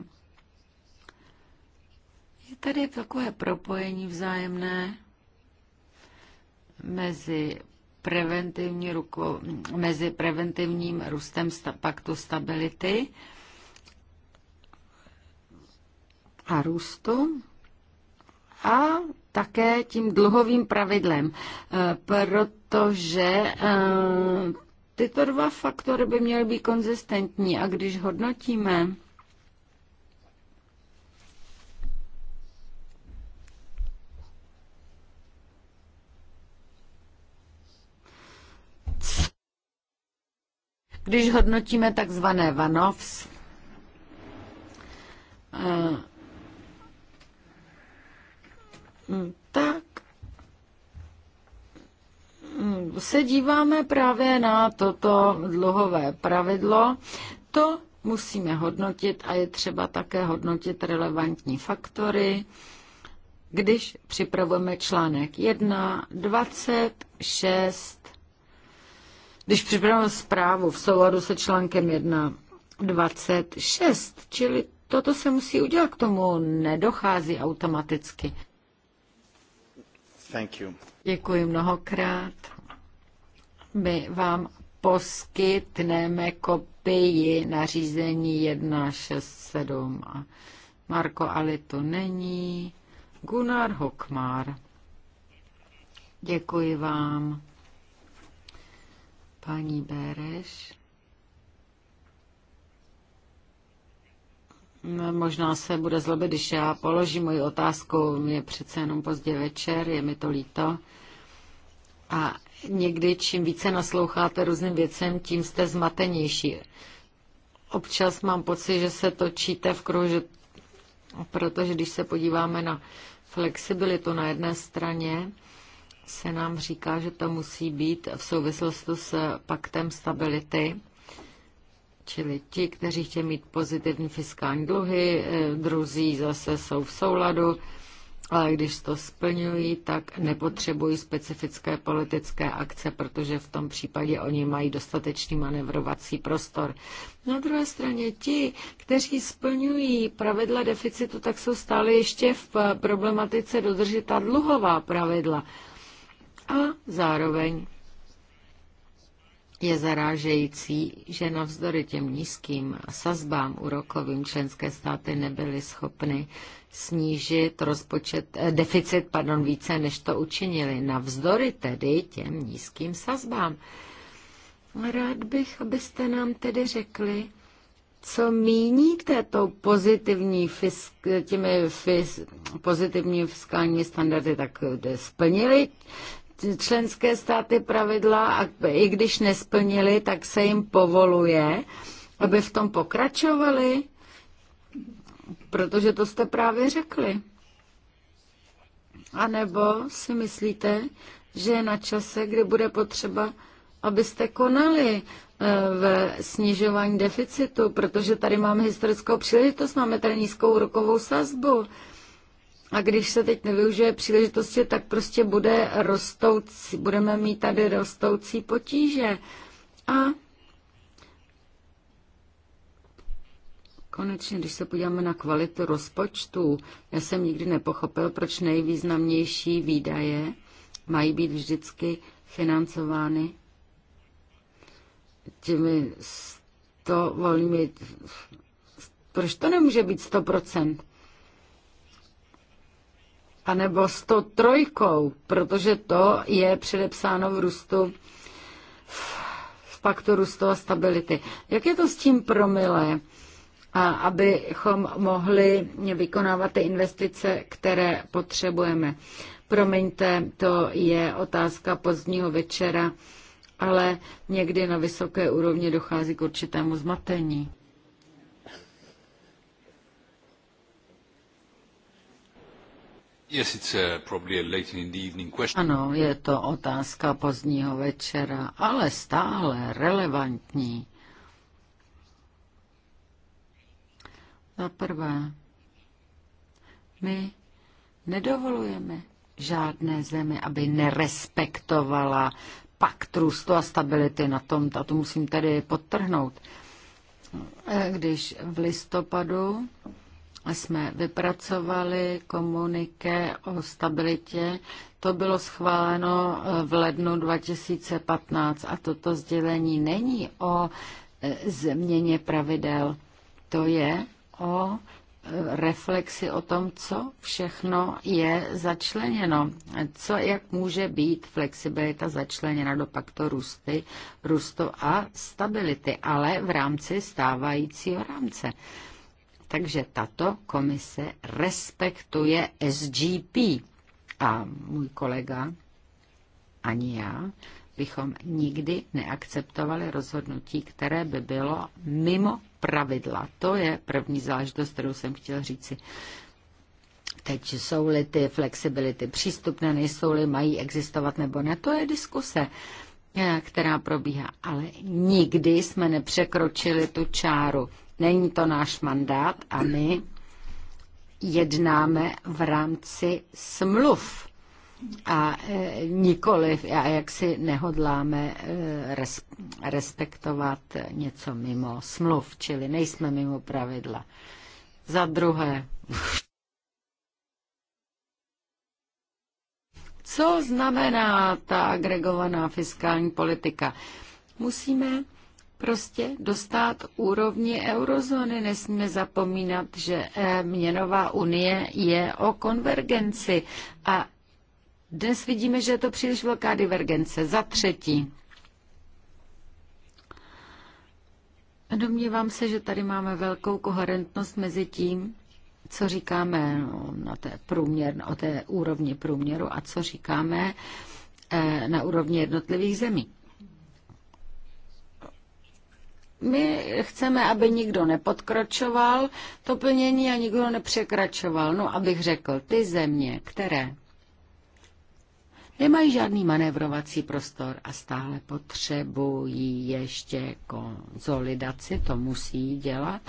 Je tady takové propojení vzájemné mezi preventivní ruko, mezi preventivním růstem sta, paktu stability a růstu a také tím dluhovým pravidlem, eh, protože eh, tyto dva faktory by měly být konzistentní a když hodnotíme Když hodnotíme takzvané vanovs, eh, tak se díváme právě na toto dluhové pravidlo. To musíme hodnotit a je třeba také hodnotit relevantní faktory, když připravujeme článek 1, 26 když připravil zprávu v souladu se článkem 1.26, čili toto se musí udělat, k tomu nedochází automaticky. Thank you. Děkuji mnohokrát. My vám poskytneme kopii nařízení 167. Marko Ali to není. Gunnar Hokmar. Děkuji vám. Paní Béreš. No, možná se bude zlobit, když já položím moji otázku. Mě přece jenom pozdě večer, je mi to líto. A někdy čím více nasloucháte různým věcem, tím jste zmatenější. Občas mám pocit, že se točíte v kruhu, že... protože když se podíváme na flexibilitu na jedné straně, se nám říká, že to musí být v souvislosti s paktem stability, čili ti, kteří chtějí mít pozitivní fiskální dluhy, eh, druzí zase jsou v souladu, ale když to splňují, tak nepotřebují specifické politické akce, protože v tom případě oni mají dostatečný manevrovací prostor. Na druhé straně ti, kteří splňují pravidla deficitu, tak jsou stále ještě v problematice dodržita dluhová pravidla. A zároveň je zarážející, že navzdory těm nízkým sazbám úrokovým členské státy nebyly schopny snížit rozpočet, eh, deficit pardon, více, než to učinili. Navzdory tedy těm nízkým sazbám. Rád bych, abyste nám tedy řekli, co míníte tou pozitivní fisk, těmi fisk, pozitivní fiskální standardy, tak splnili členské státy pravidla a i když nesplnili, tak se jim povoluje, aby v tom pokračovali, protože to jste právě řekli. A nebo si myslíte, že je na čase, kdy bude potřeba, abyste konali eh, v snižování deficitu, protože tady máme historickou příležitost, máme tady nízkou rokovou sazbu. A když se teď nevyužije příležitosti, tak prostě bude rostoucí, budeme mít tady rostoucí potíže. A konečně, když se podíváme na kvalitu rozpočtu, já jsem nikdy nepochopil, proč nejvýznamnější výdaje mají být vždycky financovány těmi 100 volnými. Proč to nemůže být 100%? anebo 103, protože to je předepsáno v růstu v paktu růstu a stability. Jak je to s tím promilé, abychom mohli vykonávat ty investice, které potřebujeme? Promiňte, to je otázka pozdního večera, ale někdy na vysoké úrovni dochází k určitému zmatení. Ano, je to otázka pozdního večera, ale stále relevantní. Za prvé, my nedovolujeme žádné zemi, aby nerespektovala pakt růstu a stability na tom, a to musím tady podtrhnout. Eh, když v listopadu jsme vypracovali komuniké o stabilitě. To bylo schváleno eh, v lednu 2015 a toto sdělení není o eh, změně pravidel. To je o eh, reflexi o tom, co všechno je začleněno, co, jak může být flexibilita začleněna do paktu růsty, růstu a stability, ale v rámci stávajícího rámce. Takže tato komise respektuje SGP. A můj kolega, ani já, bychom nikdy neakceptovali rozhodnutí, které by bylo mimo pravidla. To je první záležitost, kterou jsem chtěl říci. Teď jsou-li ty flexibility přístupné, nejsou-li, mají existovat nebo ne, to je diskuse eh, která probíhá. Ale nikdy jsme nepřekročili tu čáru. Není to náš mandát a my jednáme v rámci smluv a e, nikoliv, a jak si nehodláme e, res, respektovat něco mimo smluv, čili nejsme mimo pravidla. Za druhé, co znamená ta agregovaná fiskální politika? Musíme prostě dostat úrovni eurozóny. Nesmíme zapomínat, že eh, měnová unie je o konvergenci a dnes vidíme, že je to příliš velká divergence. Za třetí, domnívám se, že tady máme velkou koherentnost mezi tím, co říkáme no, na té průměr, o té úrovni průměru a co říkáme eh, na úrovni jednotlivých zemí my chceme, aby nikdo nepodkročoval to plnění a nikdo nepřekračoval. No, abych řekl, ty země, které nemají žádný manévrovací prostor a stále potřebují ještě konzolidaci, to musí dělat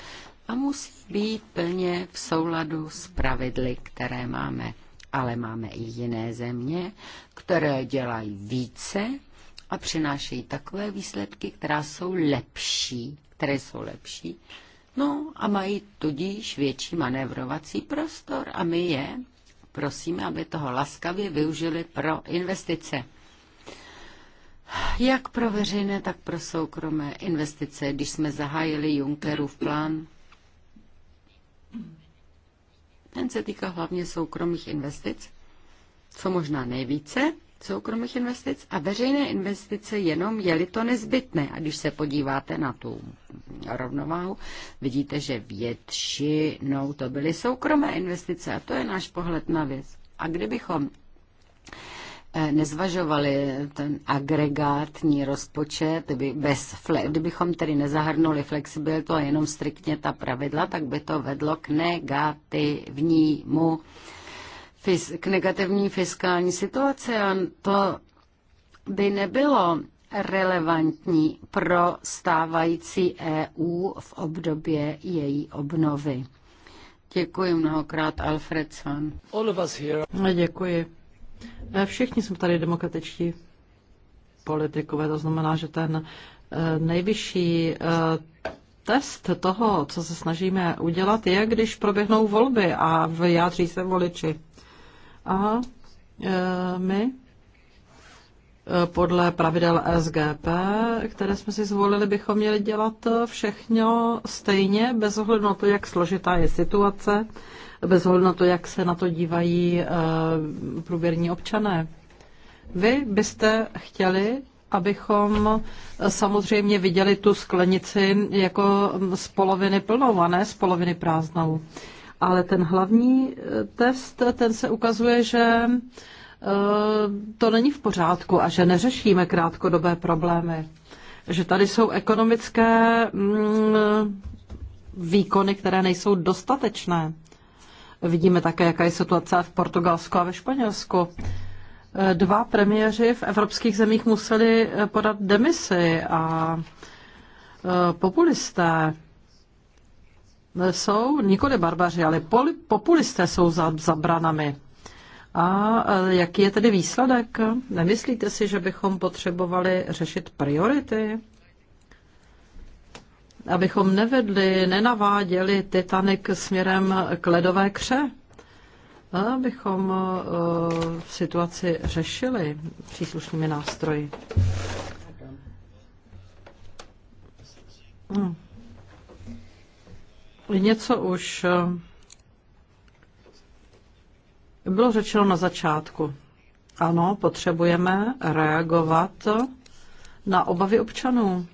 a musí být plně v souladu s pravidly, které máme. Ale máme i jiné země, které dělají více a přinášejí takové výsledky, která jsou lepší, které jsou lepší, no a mají tudíž větší manévrovací prostor a my je prosíme, aby toho laskavě využili pro investice. Jak pro veřejné, tak pro soukromé investice, když jsme zahájili Junckerův plán, ten se týká hlavně soukromých investic, co možná nejvíce, soukromých investic a veřejné investice jenom je-li to nezbytné. A když se podíváte na tu rovnováhu, vidíte, že většinou to byly soukromé investice a to je náš pohled na věc. A kdybychom eh, nezvažovali ten agregátní rozpočet, kdyby bez fle, kdybychom tedy nezahrnuli flexibilitu a jenom striktně ta pravidla, tak by to vedlo k negativnímu k negativní fiskální situaci a to by nebylo relevantní pro stávající EU v obdobě její obnovy. Děkuji mnohokrát, Alfred Svan. No, děkuji. E, všichni jsme tady demokratičtí politikové, to znamená, že ten e, nejvyšší e, test toho, co se snažíme udělat, je, když proběhnou volby a vyjádří se voliči. A e, my e, podle pravidel SGP, které jsme si zvolili, bychom měli dělat všechno stejně, bez ohledu na to, jak složitá je situace, bez ohledu na to, jak se na to dívají e, průběrní občané. Vy byste chtěli, abychom samozřejmě viděli tu sklenici jako z poloviny plnou a ne z poloviny prázdnou. Ale ten hlavní eh, test, ten se ukazuje, že eh, to není v pořádku a že neřešíme krátkodobé problémy. Že tady jsou ekonomické mm, výkony, které nejsou dostatečné. Vidíme také, jaká je situace v Portugalsku a ve Španělsku. Eh, dva premiéři v evropských zemích museli podat demisi a populisté jsou nikoli barbaři, ale poli, populisté jsou za, za branami. A e, jaký je tedy výsledek? Nemyslíte si, že bychom potřebovali řešit priority? Abychom nevedli, nenaváděli Titanic směrem k ledové kře? Abychom uh, situaci řešili příslušnými nástroji. Hmm. Něco už eh, bylo řečeno na začátku. Ano, potřebujeme reagovat na obavy občanů.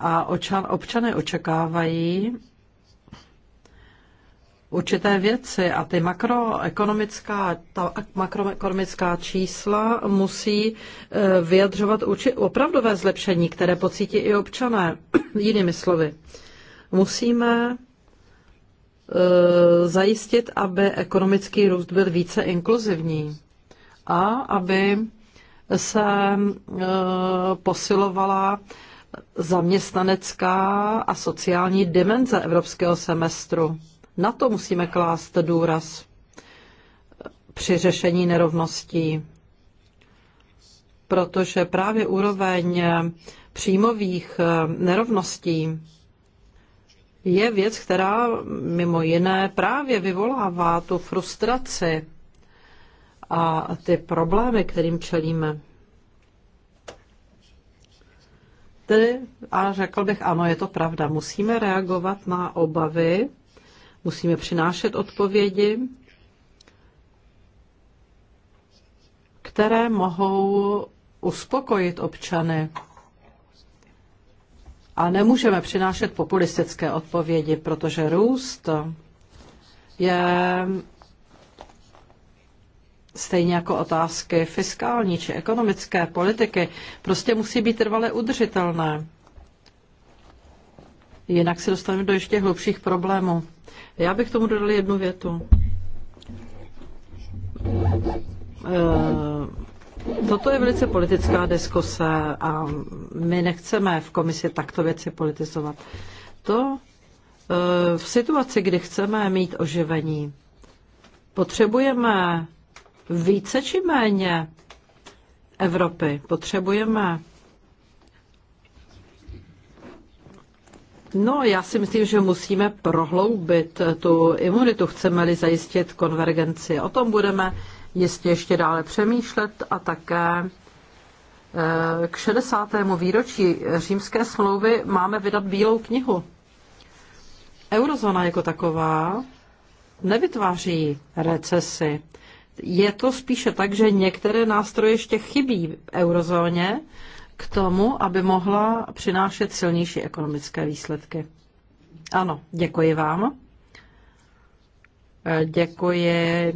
A občany občané očekávají určité věci a ty makroekonomická, ta makroekonomická čísla musí eh, vyjadřovat opravdové zlepšení, které pocítí i občané, jinými slovy. Musíme eh, zajistit, aby ekonomický růst byl více inkluzivní a aby se eh, posilovala zaměstnanecká a sociální dimenze evropského semestru. Na to musíme klást důraz při řešení nerovností, protože právě úroveň příjmových eh, nerovností je věc, která mimo jiné právě vyvolává tu frustraci a ty problémy, kterým čelíme. Tedy, a řekl bych, ano, je to pravda, musíme reagovat na obavy, musíme přinášet odpovědi, které mohou uspokojit občany. A nemůžeme přinášet populistické odpovědi, protože růst je stejně jako otázky fiskální či ekonomické politiky, prostě musí být trvale udržitelné. Jinak se dostaneme do ještě hlubších problémů. Já bych tomu dodal jednu větu. Eh, Toto no je velice politická diskuse a my nechceme v komisi takto věci politizovat. To e, v situaci, kdy chceme mít oživení, potřebujeme více či méně Evropy. Potřebujeme No, já si myslím, že musíme prohloubit tu imunitu, chceme-li zajistit konvergenci. O tom budeme jistě ještě dále přemýšlet a také eh, k 60. výročí římské smlouvy máme vydat bílou knihu. Eurozóna jako taková nevytváří recesi. Je to spíše tak, že některé nástroje ještě chybí v eurozóně k tomu, aby mohla přinášet silnější ekonomické výsledky. Ano, děkuji vám. Děkuji eh,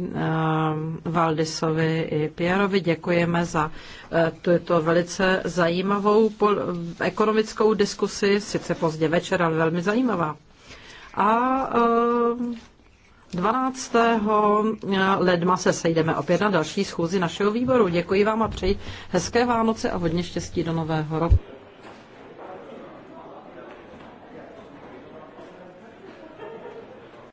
Valdisovi i Pierovi, děkujeme za eh, tuto velice zajímavou ekonomickou diskusi, sice pozdě večer, ale velmi zajímavá. A 12. Eh, ledna se sejdeme opět na další schůzi našeho výboru. Děkuji vám a přeji hezké Vánoce a hodně štěstí do nového roku.